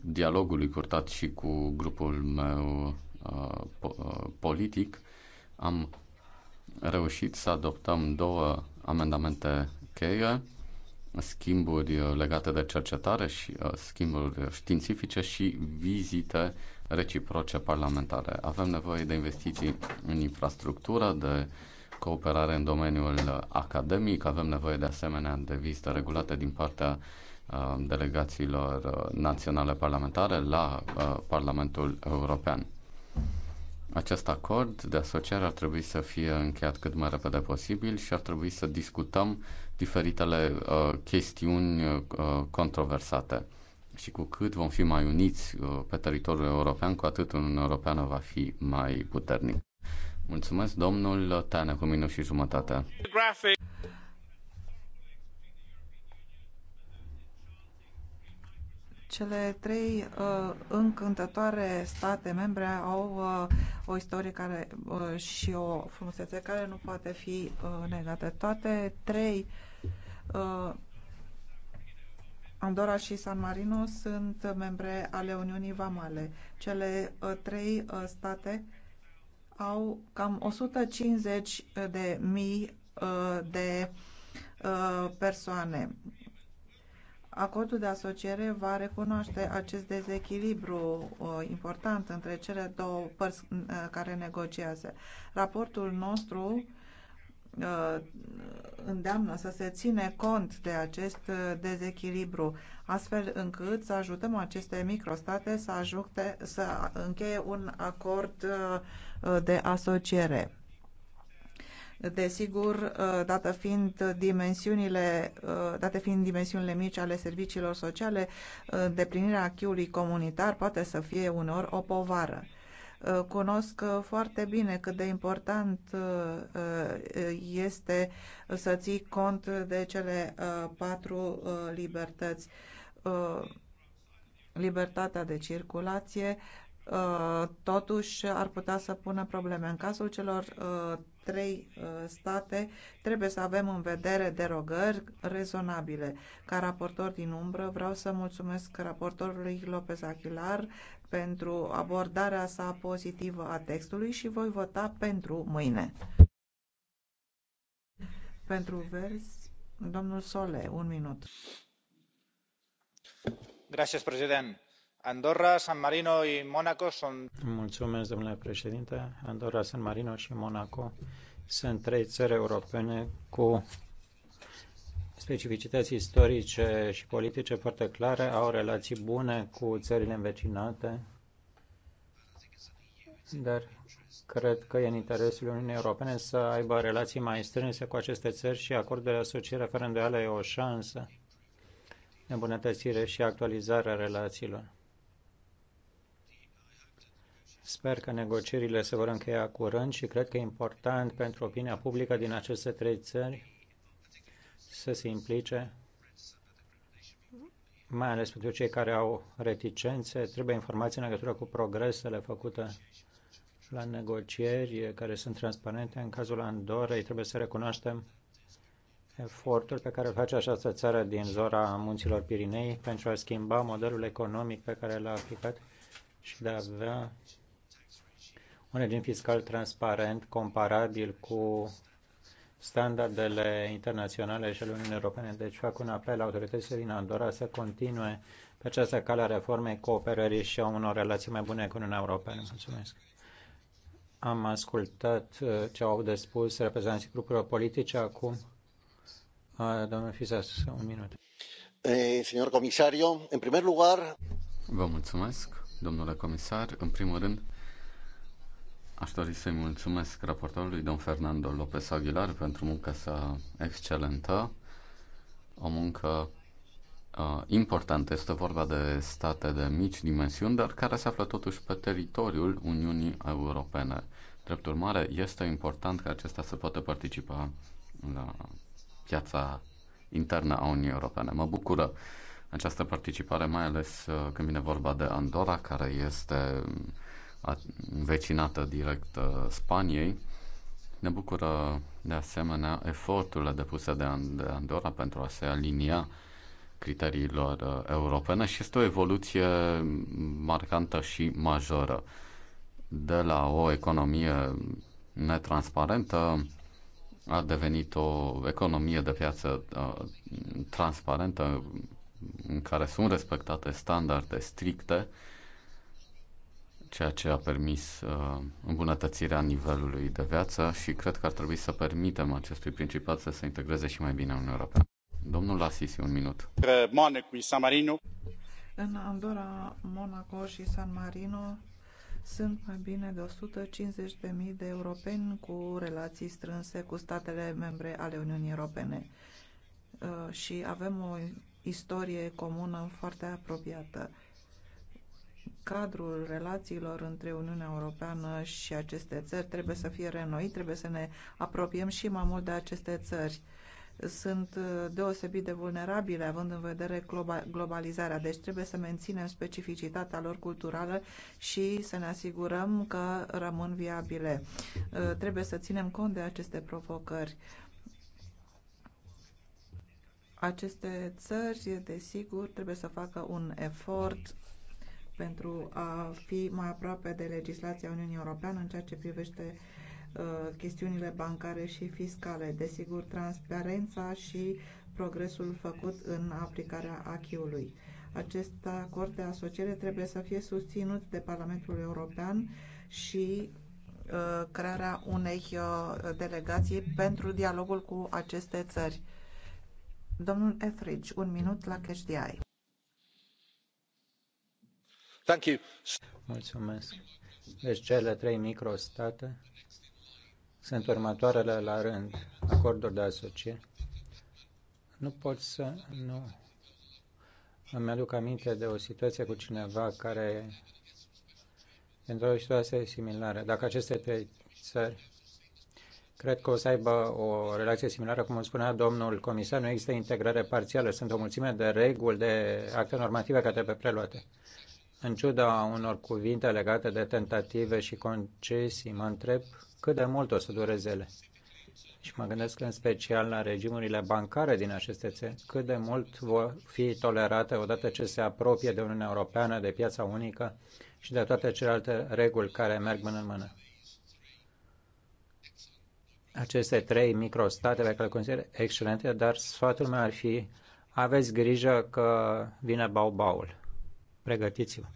dialogului purtat și cu grupul meu Uh, uh, politic, am reușit să adoptăm două amendamente cheie, schimburi legate de cercetare și uh, schimburi științifice și vizite reciproce parlamentare. Avem nevoie de investiții în infrastructură, de cooperare în domeniul academic, avem nevoie de asemenea de vizite regulate din partea delegațiilor naționale parlamentare la Parlamentul European. Acest acord de asociere ar trebui să fie încheiat cât mai repede posibil și ar trebui să discutăm diferitele uh, chestiuni uh, controversate. Și cu cât vom fi mai uniți uh, pe teritoriul european, cu atât Uniunea Europeană va fi mai puternic. Mulțumesc, domnul Tane, cu minus și jumătate. Cele trei uh, încântătoare state membre au uh, o istorie care, uh, și o frumusețe care nu poate fi uh, negată. Toate trei, uh, Andorra și San Marino, sunt membre ale Uniunii Vamale. Cele uh, trei uh, state au cam 150 de mii uh, de uh, persoane Acordul de asociere va recunoaște acest dezechilibru uh, important între cele două părți uh, care negociază. Raportul nostru uh, îndeamnă să se ține cont de acest dezechilibru, astfel încât să ajutăm aceste microstate să, ajute, să încheie un acord de asociere. Desigur, uh, dată fiind dimensiunile, uh, date fiind dimensiunile mici ale serviciilor sociale, uh, deplinirea achiului comunitar poate să fie unor o povară. Cunosc foarte bine cât de important este să ții cont de cele patru libertăți libertatea de circulație, Uh, totuși ar putea să pună probleme. În cazul celor uh, trei uh, state, trebuie să avem în vedere derogări rezonabile. Ca raportor din umbră, vreau să mulțumesc raportorului Lopez Achilar pentru abordarea sa pozitivă a textului și voi vota pentru mâine. Pentru vers, domnul Sole, un minut. Gracias, președinte Andorra, San Marino și Monaco sunt... Mulțumesc, domnule președinte. Andorra, San Marino și Monaco sunt trei țări europene cu specificități istorice și politice foarte clare, au relații bune cu țările învecinate, dar cred că e în interesul Uniunii Europene să aibă relații mai strânse cu aceste țări și acordul de asociere fără îndoială e o șansă de îmbunătățire și actualizare a relațiilor. Sper că negocierile se vor încheia curând și cred că e important pentru opinia publică din aceste trei țări să se implice, mai ales pentru cei care au reticențe. Trebuie informații în legătură cu progresele făcute la negocieri care sunt transparente. În cazul Andorrei trebuie să recunoaștem efortul pe care face această țară din zona munților Pirinei pentru a schimba modelul economic pe care l-a aplicat și de a avea un regim fiscal transparent, comparabil cu standardele internaționale și ale Uniunii Europene. Deci fac un apel autorităților din Andorra să continue pe această cale a reformei, cooperării și a unor relații mai bune cu Uniunea Europeană. Mulțumesc! Am ascultat uh, ce au de spus reprezentanții grupurilor politice. Acum, uh, domnul Fisas, un minut. Eh, señor comisario, în primul lugar... Vă mulțumesc, domnule comisar. În primul rând, Aș dori să-i mulțumesc raportorului domn Fernando López Aguilar pentru munca sa excelentă, o muncă uh, importantă. Este vorba de state de mici dimensiuni, dar care se află totuși pe teritoriul Uniunii Europene. Drept urmare, este important ca acesta să poată participa la piața internă a Uniunii Europene. Mă bucură această participare, mai ales uh, când vine vorba de Andorra, care este vecinată directă uh, Spaniei. Ne bucură de asemenea eforturile depuse de Andorra pentru a se alinia criteriilor uh, europene și este o evoluție marcantă și majoră. De la o economie netransparentă a devenit o economie de piață uh, transparentă în care sunt respectate standarde stricte ceea ce a permis uh, îmbunătățirea nivelului de viață și cred că ar trebui să permitem acestui principat să se integreze și mai bine în Uniunea Europeană. Domnul Lasisi, un minut. Monaco și San Marino. În Andorra, Monaco și San Marino sunt mai bine de 150.000 de europeni cu relații strânse cu statele membre ale Uniunii Europene uh, și avem o istorie comună foarte apropiată cadrul relațiilor între Uniunea Europeană și aceste țări trebuie să fie renoit, trebuie să ne apropiem și mai mult de aceste țări. Sunt uh, deosebit de vulnerabile, având în vedere globalizarea, deci trebuie să menținem specificitatea lor culturală și să ne asigurăm că rămân viabile. Uh, trebuie să ținem cont de aceste provocări. Aceste țări, desigur, trebuie să facă un efort pentru a fi mai aproape de legislația Uniunii Europeană în ceea ce privește uh, chestiunile bancare și fiscale. Desigur, transparența și progresul făcut în aplicarea acquis-ului. Acest acord de asociere trebuie să fie susținut de Parlamentul European și uh, crearea unei uh, delegații pentru dialogul cu aceste țări. Domnul Etheridge, un minut la Cash Mulțumesc. Deci cele trei microstate sunt următoarele la rând. Acorduri de asociere. Nu pot să... Nu. Îmi aduc aminte de o situație cu cineva care într-o situație similară. Dacă aceste trei țări cred că o să aibă o relație similară, cum spunea domnul comisar, nu există integrare parțială. Sunt o mulțime de reguli, de acte normative care trebuie preluate. În ciuda unor cuvinte legate de tentative și concesii, mă întreb cât de mult o să dureze ele. Și mă gândesc în special la regimurile bancare din aceste țări, cât de mult vor fi tolerate odată ce se apropie de Uniunea Europeană, de piața unică și de toate celelalte reguli care merg mână în mână. Aceste trei microstate pe care le consider excelente, dar sfatul meu ar fi aveți grijă că vine bau-baul. Pregătiți-vă.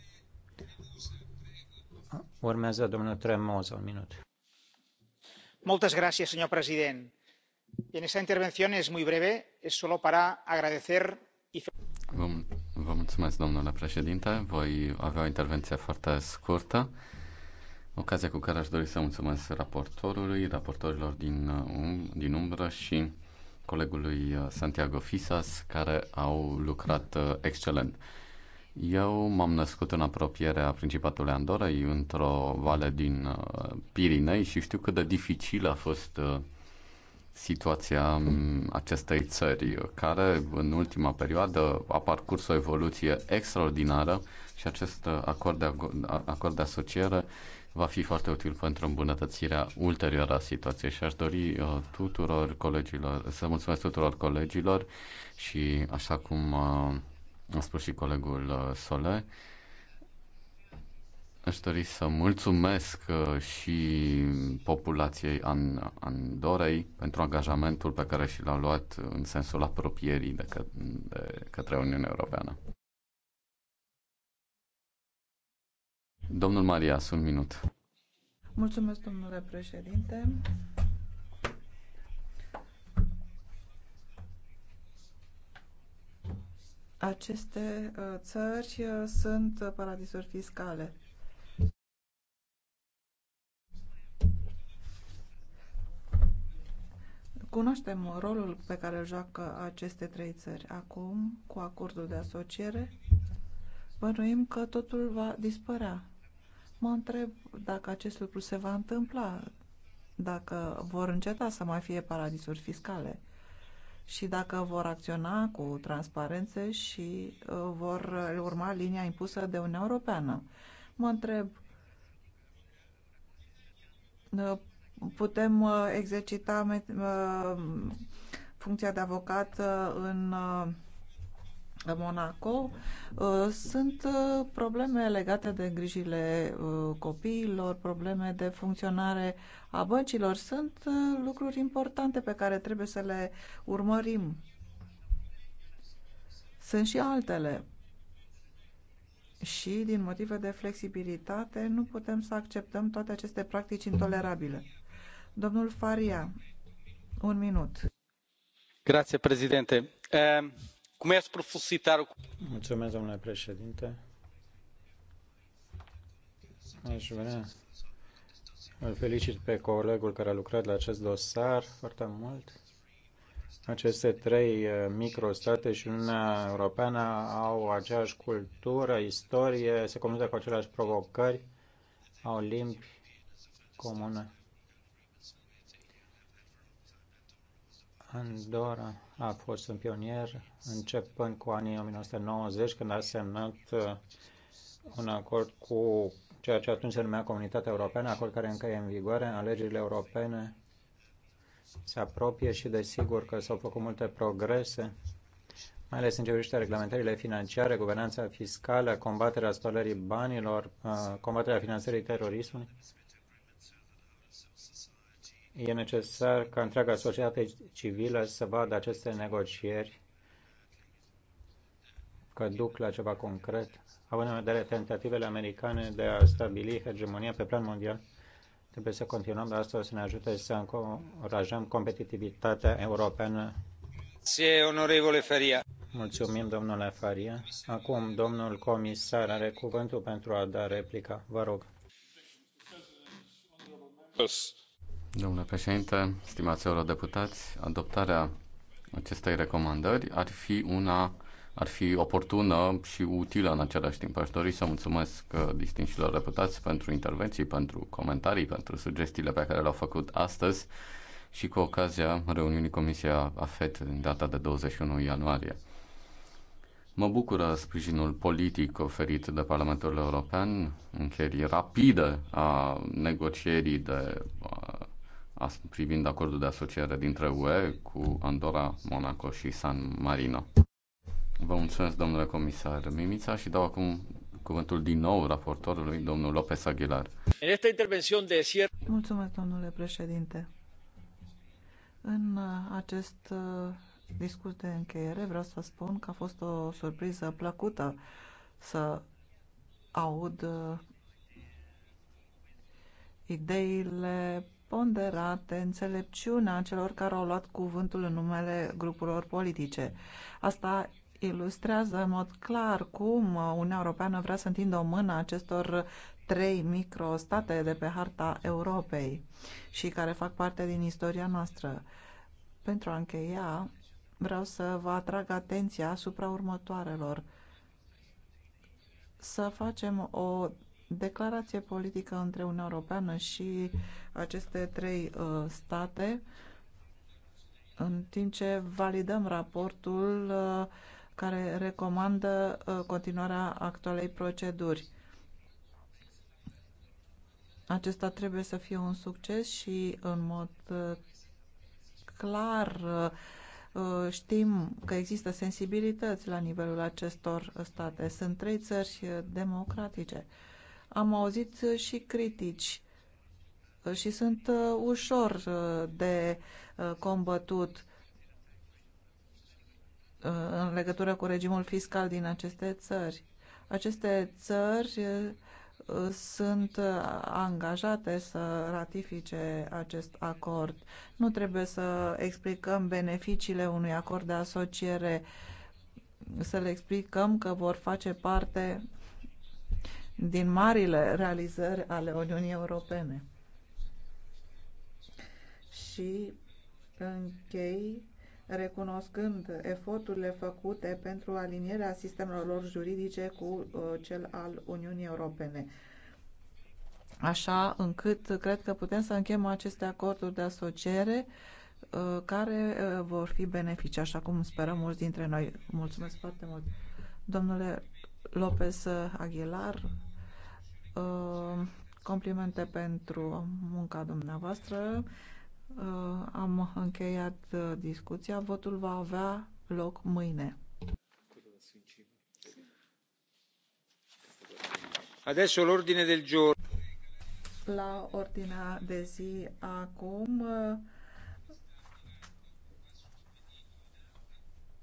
Urmează domnul Tremoza, un minut. Muchas gracias, señor presidente. En esta intervención es muy breve, es solo para agradecer y... Vă, vă mulțumesc, domnule președinte. Voi avea o intervenție foarte scurtă. Ocazia cu care aș dori să mulțumesc raportorului, raportorilor din, uh, um, din umbră și colegului uh, Santiago Fisas, care au lucrat uh, excelent. Eu m-am născut în apropierea Principatului Andorei, într-o vale din uh, Pirinei și știu cât de dificilă a fost uh, situația um, acestei țări, care în ultima perioadă a parcurs o evoluție extraordinară și acest uh, acord de, acord de asociere va fi foarte util pentru îmbunătățirea ulterioară a situației și aș dori tuturor colegilor, să mulțumesc tuturor colegilor și așa cum uh, a spus și colegul uh, Sole. Aș dori să mulțumesc uh, și populației An- Andorei pentru angajamentul pe care și l-a luat în sensul apropierii de, că- de către Uniunea Europeană. Domnul Maria, un minut. Mulțumesc, domnule președinte. Aceste uh, țări uh, sunt uh, paradisuri fiscale. Cunoaștem rolul pe care îl joacă aceste trei țări. Acum, cu acordul de asociere, bănuim că totul va dispărea. Mă întreb dacă acest lucru se va întâmpla, dacă vor înceta să mai fie paradisuri fiscale și dacă vor acționa cu transparență și uh, vor urma linia impusă de Uniunea Europeană. Mă întreb, uh, putem uh, exercita funcția de avocat în Monaco uh, sunt uh, probleme legate de grijile uh, copiilor, probleme de funcționare a băncilor. Sunt lucruri importante pe care trebuie să le urmărim. Sunt și altele. Și din motive de flexibilitate nu putem să acceptăm toate aceste practici intolerabile. Domnul Faria, un minut. Grazie, președinte. Uh Mulțumesc, domnule președinte. Aș vrea îl felicit pe colegul care a lucrat la acest dosar foarte mult. Aceste trei uh, microstate și Uniunea Europeană au aceeași cultură, istorie, se confruntă cu aceleași provocări, au limbi comune. Andorra a fost un pionier începând cu anii 1990, când a semnat uh, un acord cu ceea ce atunci se numea Comunitatea Europeană, acord care încă e în vigoare, alegerile europene se apropie și desigur că s-au făcut multe progrese, mai ales în ce privește reglementările financiare, guvernanța fiscală, combaterea spălării banilor, uh, combaterea finanțării terorismului. E necesar ca întreaga societate civilă să vadă aceste negocieri că duc la ceva concret, având în vedere tentativele americane de a stabili hegemonia pe plan mondial. Trebuie să continuăm, dar asta o să ne ajute să încurajăm competitivitatea europeană. Mulțumim, domnule Faria. Acum, domnul comisar are cuvântul pentru a da replica. Vă rog. Yes Domnule președinte, stimați eurodeputați, adoptarea acestei recomandări ar fi una ar fi oportună și utilă în același timp. Aș dori să mulțumesc uh, distinșilor deputați pentru intervenții, pentru comentarii, pentru sugestiile pe care le-au făcut astăzi și cu ocazia reuniunii Comisia AFET din data de 21 ianuarie. Mă bucură sprijinul politic oferit de Parlamentul European, încheierii rapide a negocierii de uh, privind acordul de asociere dintre UE cu Andorra, Monaco și San Marino. Vă mulțumesc, domnule comisar Mimița, și dau acum cuvântul din nou raportorului, domnul López Aguilar. Mulțumesc, domnule președinte. În uh, acest uh, discurs de încheiere vreau să spun că a fost o surpriză plăcută să aud uh, ideile ponderate înțelepciunea celor care au luat cuvântul în numele grupurilor politice. Asta ilustrează în mod clar cum Uniunea Europeană vrea să întindă o mână acestor trei microstate de pe harta Europei și care fac parte din istoria noastră. Pentru a încheia, vreau să vă atrag atenția asupra următoarelor. Să facem o Declarație politică între Uniunea Europeană și aceste trei uh, state, în timp ce validăm raportul uh, care recomandă uh, continuarea actualei proceduri. Acesta trebuie să fie un succes și, în mod uh, clar, uh, Știm că există sensibilități la nivelul acestor state. Sunt trei țări democratice. Am auzit și critici și sunt uh, ușor uh, de uh, combătut în legătură cu regimul fiscal din aceste țări. Aceste țări sunt angajate să ratifice acest acord. Nu trebuie să explicăm beneficiile unui acord de asociere, să le explicăm că vor face parte din marile realizări ale Uniunii Europene. Și închei recunoscând eforturile făcute pentru alinierea sistemelor lor juridice cu uh, cel al Uniunii Europene. Așa încât cred că putem să închem aceste acorduri de asociere uh, care uh, vor fi benefici, așa cum sperăm mulți dintre noi. Mulțumesc foarte mult. Domnule Lopez Aguilar, Uh, complimente pentru munca dumneavoastră. Uh, am încheiat uh, discuția. Votul va avea loc mâine. Adesso l'ordine del giorno. La ordinea de zi acum uh,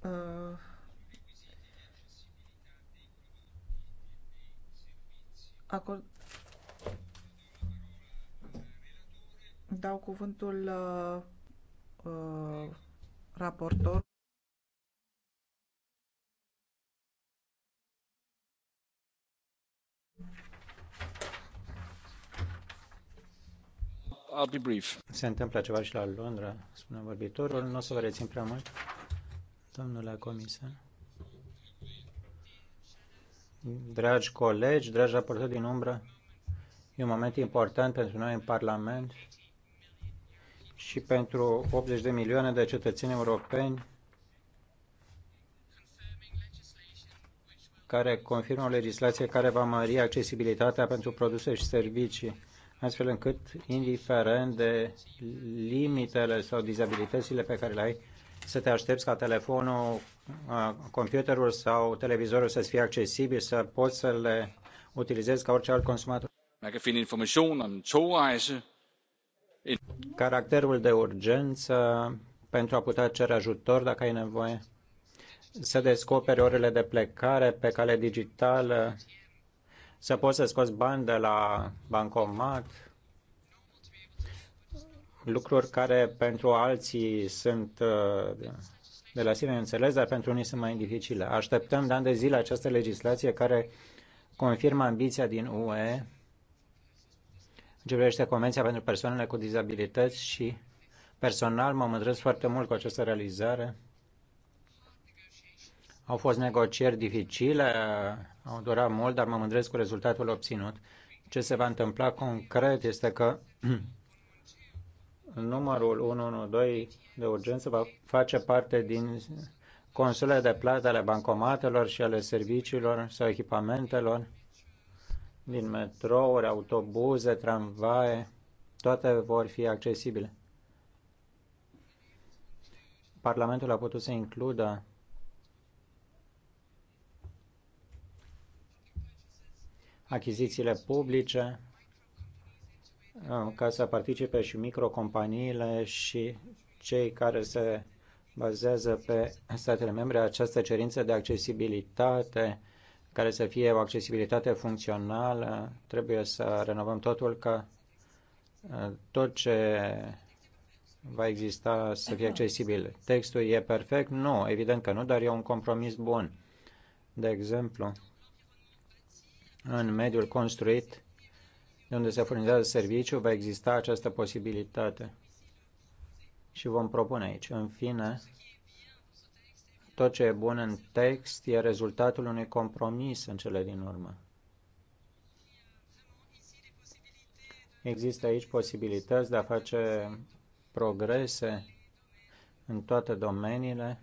uh, acord... dau cuvântul uh, uh, raportor. I'll be brief. Se întâmplă ceva și la Londra, spune vorbitorul. Nu o să vă rețin prea mult, domnule comisar dragi colegi, dragi raportori din umbră, e un moment important pentru noi în Parlament și pentru 80 de milioane de cetățeni europeni care confirmă o legislație care va mări accesibilitatea pentru produse și servicii, astfel încât, indiferent de limitele sau dizabilitățile pe care le ai, să te aștepți ca telefonul computerul sau televizorul să fie accesibil, să poți să le utilizezi ca orice alt consumator. Man kan finde information om togrejse. Caracterul de urgență pentru a putea cere ajutor dacă ai nevoie. Să descoperi orele de plecare pe cale digitală. Să poți să scoți bani de la bancomat lucruri care pentru alții sunt uh, de la sine înțeles, dar pentru unii sunt mai dificile. Așteptăm de ani de zile această legislație care confirmă ambiția din UE în ce privește Convenția pentru persoanele cu dizabilități și personal mă mândresc foarte mult cu această realizare. Au fost negocieri dificile, au durat mult, dar mă mândresc cu rezultatul obținut. Ce se va întâmpla concret este că [clears throat] numărul 112 de urgență va face parte din consulele de plată ale bancomatelor și ale serviciilor sau echipamentelor din metrouri, autobuze, tramvaie, toate vor fi accesibile. Parlamentul a putut să includă achizițiile publice, ca să participe și microcompaniile și cei care se bazează pe statele membre această cerință de accesibilitate care să fie o accesibilitate funcțională. Trebuie să renovăm totul ca tot ce va exista să fie accesibil. Textul e perfect? Nu, evident că nu, dar e un compromis bun. De exemplu, în mediul construit, de unde se furnizează serviciu, va exista această posibilitate. Și vom propune aici. În fine, tot ce e bun în text e rezultatul unui compromis în cele din urmă. Există aici posibilități de a face progrese în toate domeniile.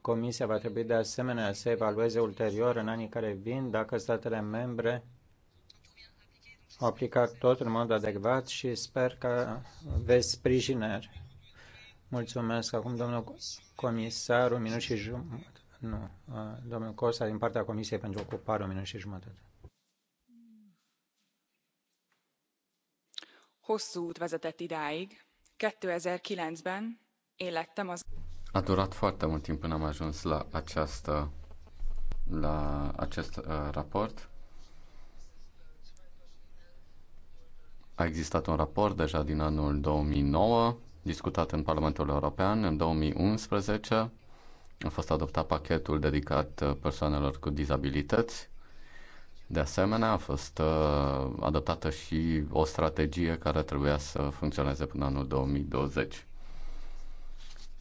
Comisia va trebui de asemenea să evalueze ulterior în anii care vin dacă statele membre aplicat tot în mod adecvat și sper că veți sprijină. Mulțumesc. Acum, domnul comisar, un minut și jumătate. Nu, domnul Costa, din partea Comisiei pentru Ocupare, un minut și jumătate. Hosszú út vezetett idáig. 2009-ben én lettem az... A durat foarte mult timp până am ajuns la această la acest uh, raport A existat un raport deja din anul 2009, discutat în Parlamentul European în 2011. A fost adoptat pachetul dedicat uh, persoanelor cu dizabilități. De asemenea, a fost uh, adoptată și o strategie care trebuia să funcționeze până anul 2020.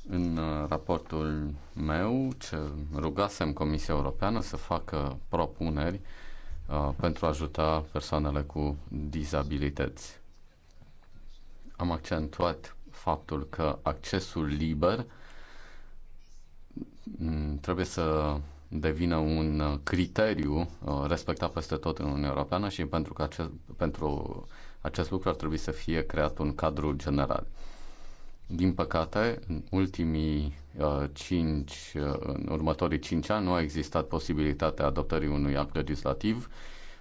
În uh, raportul meu, ce rugasem Comisia Europeană să facă propuneri Uh, pentru a ajuta persoanele cu dizabilități. Am accentuat faptul că accesul liber mm, trebuie să devină un criteriu uh, respectat peste tot în Uniunea Europeană și pentru, că acest, pentru acest lucru ar trebui să fie creat un cadru general. Din păcate, în ultimii uh, cinci, uh, în următorii cinci ani nu a existat posibilitatea adoptării unui act legislativ.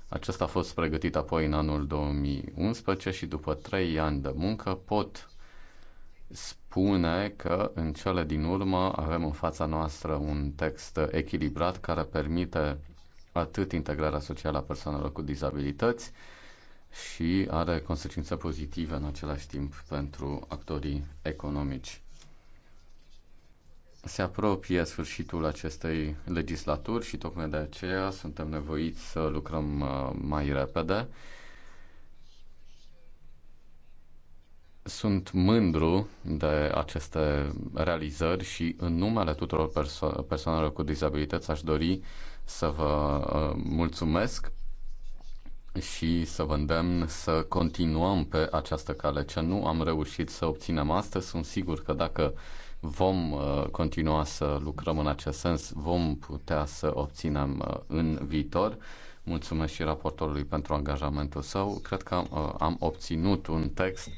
Acesta a fost pregătit apoi în anul 2011 și după trei ani de muncă pot spune că în cele din urmă avem în fața noastră un text echilibrat care permite atât integrarea socială a persoanelor cu dizabilități, și are consecințe pozitive în același timp pentru actorii economici. Se apropie sfârșitul acestei legislaturi și tocmai de aceea suntem nevoiți să lucrăm uh, mai repede. Sunt mândru de aceste realizări și în numele tuturor perso- persoanelor cu dizabilități aș dori să vă uh, mulțumesc și să vă îndemn să continuăm pe această cale. Ce nu am reușit să obținem astăzi, sunt sigur că dacă vom uh, continua să lucrăm în acest sens, vom putea să obținem uh, în viitor. Mulțumesc și raportorului pentru angajamentul său. Cred că am, uh, am obținut un text